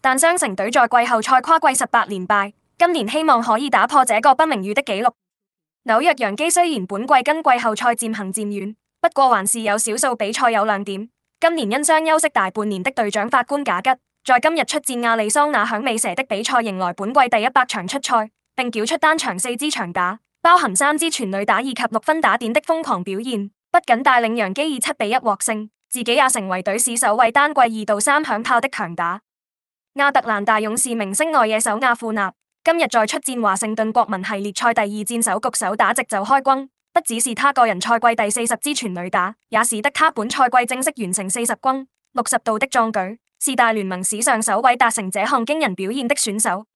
但雙城隊在季後賽跨季十八連敗，今年希望可以打破這個不名譽的紀錄。紐約洋基雖然本季跟季後賽漸行漸遠，不過還是有少數比賽有亮點。今年因傷休息大半年的隊長法官賈吉，在今日出戰亞利桑那響尾蛇的比賽，迎來本季第一百場出賽，並繳出單場四支長打，包含三支全壘打以及六分打點的瘋狂表現，不僅帶領洋基以七比一獲勝，自己也成為隊史首位單季二度三響炮的強打。亞特蘭大勇士明星外野手亞富納今日在出戰華盛頓國民系列賽第二戰首局，首打席就開轟，不只是他個人賽季第四十支全壘打，也使得他本賽季正式完成四十轟、六十盜的壯舉，是大聯盟史上首位達成這項驚人表現的選手。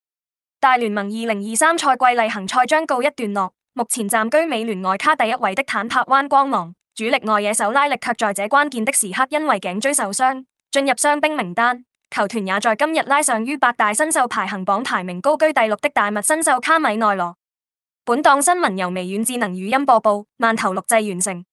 大聯盟二零二三賽季例行賽將告一段落，目前暫居美聯外卡第一位的坦帕灣光芒主力外野手拉力，卻在這關鍵的時刻因為頸椎受傷，進入傷兵名單。球團也在今日拉上於百大新秀排行榜，排名高居第六的大物新秀卡米內羅。本檔新聞由微軟智能語音播報，慢頭錄製完成。